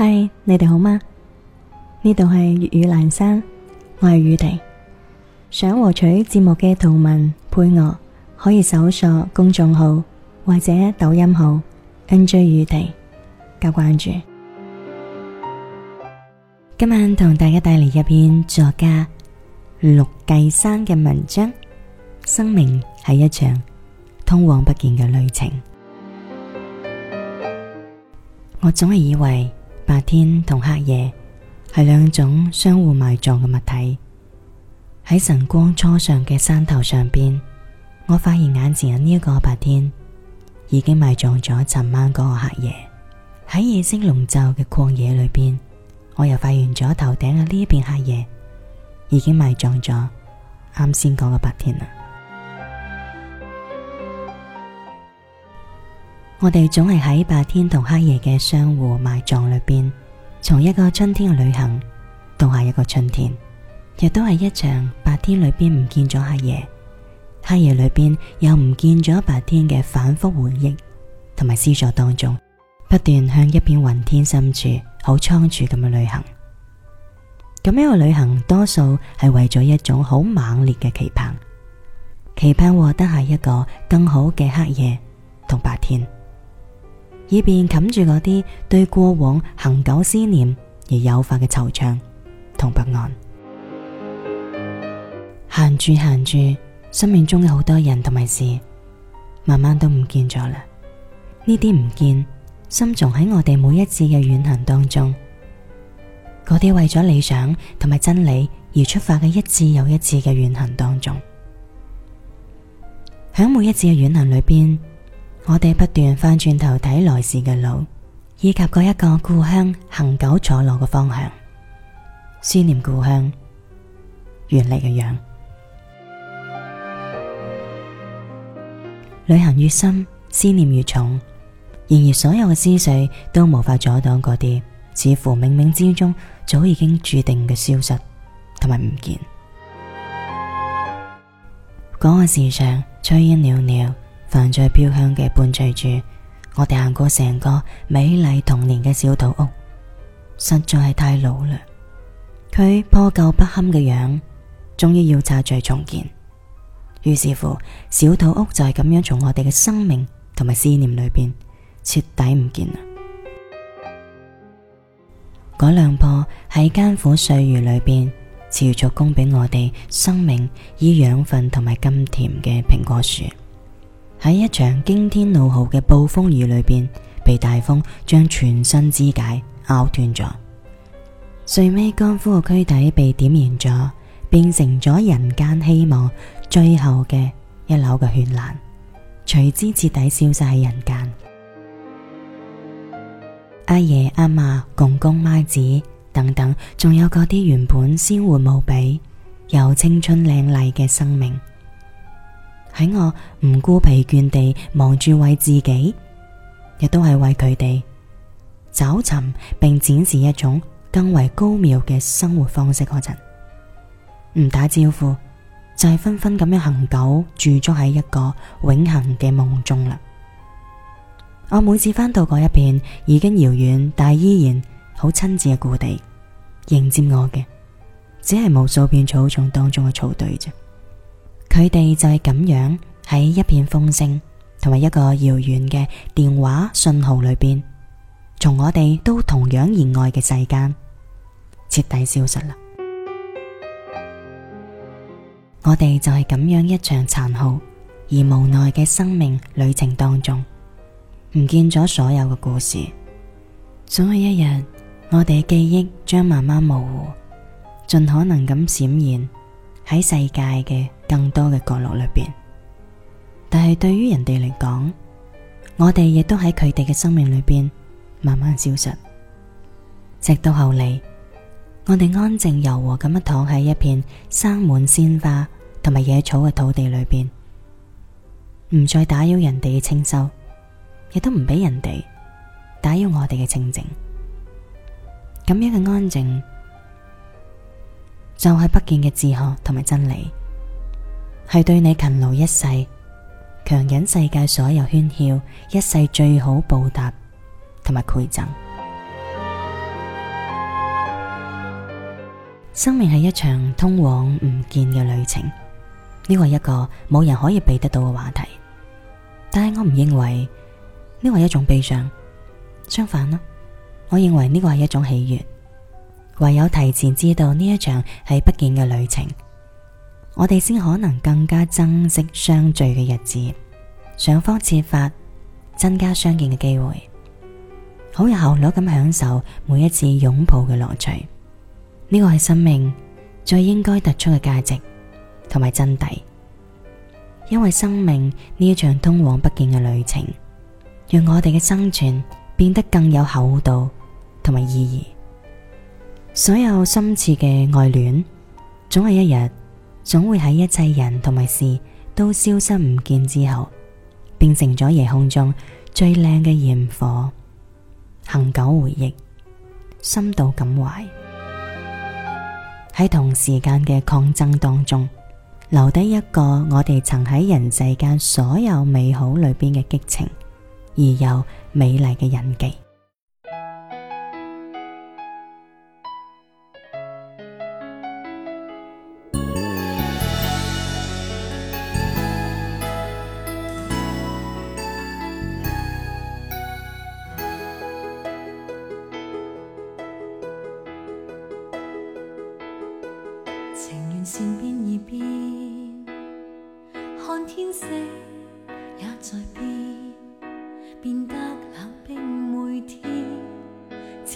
嗨，你哋好嗎？呢度係粵語闌珊，我係宇婷。想獲取節目嘅圖文配樂，可以搜索公眾號或者抖音號 NJ 宇婷加關注。今晚同大家帶嚟一篇作家陸繼山嘅文章《生命係一場通往不見嘅旅程》，我總係以為。白天同黑夜係兩種相互埋葬嘅物體。喺晨光初上嘅山頭上邊，我發現眼前嘅呢一個白天已經埋葬咗尋晚嗰個黑夜。喺夜色籠罩嘅曠野裏邊，我又發現咗頭頂嘅呢一片黑夜已經埋葬咗啱先講嘅白天啦。我哋總係喺白天同黑夜嘅相互埋葬裏邊，從一個春天嘅旅行到下一個春天，亦都係一場白天裏邊唔見咗黑夜，黑夜裏邊又唔見咗白天嘅反覆回憶，同埋思索當中，不斷向一片雲天深處好倉促咁嘅旅行。咁樣嘅旅行，多數係為咗一種好猛烈嘅期盼，期盼獲得下一個更好嘅黑夜同白天。以便冚住嗰啲對過往恒久思念而誘發嘅惆悵同不安，行住行住，生命中嘅好多人同埋事，慢慢都唔見咗啦。呢啲唔見，深藏喺我哋每一次嘅遠行當中，嗰啲為咗理想同埋真理而出發嘅一次又一次嘅遠行當中，響每一次嘅遠行裏邊，我哋不斷翻轉頭睇來時嘅路，以及嗰一個故鄉恆久坐落嘅方向，思念故鄉原嚟嘅樣。 旅行越深，思念越重，然而所有嘅思緒都無法阻擋嗰啲似乎冥冥之中早已經注定嘅消失同埋唔見。嗰 個時常炊煙裊裊。飯菜飄香嘅伴隨住我哋行過成個美麗童年嘅小土屋，實在係太老啦。佢破舊不堪嘅樣，終於要拆除重建。於是乎，小土屋就係咁樣從我哋嘅生命同埋思念裏邊徹底唔見啦。嗰兩棵喺艱苦歲月裏邊持續供俾我哋生命以養分同埋甘甜嘅蘋果樹。喺一場驚天怒號嘅暴風雨裏邊，被大風將全身肢解咬斷咗，最尾乾枯嘅軀體被點燃咗，變成咗人間希望最後嘅一縷嘅絢爛，隨之徹底消失喺人間。阿爺阿嫲、公公、媽子等等，仲有嗰啲原本鮮活無比又青春靚麗嘅生命。喺我唔顧疲倦地忙住為自己，亦都係為佢哋找尋並展示一種更為高妙嘅生活方式嗰陣，唔打招呼就係、是、紛紛咁樣恒久，駐足喺一個永恒嘅夢中啦。我每次翻到嗰一片已經遙遠但依然好親切嘅故地，迎接我嘅只係無數片草叢當中嘅草堆啫。佢哋就係咁樣喺一片風聲同埋一個遙遠嘅電話信號裏邊，從我哋都同樣熱愛嘅世間徹底消失啦。 我哋就係咁樣一場殘酷而無奈嘅生命旅程當中，唔見咗所有嘅故事。總有一日，我哋嘅記憶將慢慢模糊，盡可能咁閃現喺世界嘅。更多嘅角落裏邊，但係對於人哋嚟講，我哋亦都喺佢哋嘅生命裏邊慢慢消失，直到後嚟，我哋安靜柔和咁樣躺喺一片生滿鮮花同埋野草嘅土地裏邊，唔再打擾人哋嘅清修，亦都唔俾人哋打擾我哋嘅清淨。咁樣嘅安靜就係不見嘅哲學同埋真理。係對你勤勞一世，強忍世界所有喧囂，一世最好報答同埋饋贈。 生命係一場通往唔見嘅旅程，呢個係一個冇人可以避得到嘅話題。但係我唔認為呢個係一種悲傷，相反啦，我認為呢個係一種喜悅。唯有提前知道呢一場係不見嘅旅程。我哋先可能更加珍惜相聚嘅日子，想方設法增加相見嘅機會，好有效率咁享受每一次擁抱嘅樂趣。呢個係生命最應該突出嘅價值同埋真諦，因為生命呢一場通往不見嘅旅程，讓我哋嘅生存變得更有厚度同埋意義。所有深切嘅愛戀，總係一日。總會喺一切人同埋事都消失唔見之後，變成咗夜空中最靚嘅焰火，恆久回憶，深度感懷。喺同時間嘅抗爭當中，留低一個我哋曾喺人世間所有美好裏邊嘅激情，而又美麗嘅印記。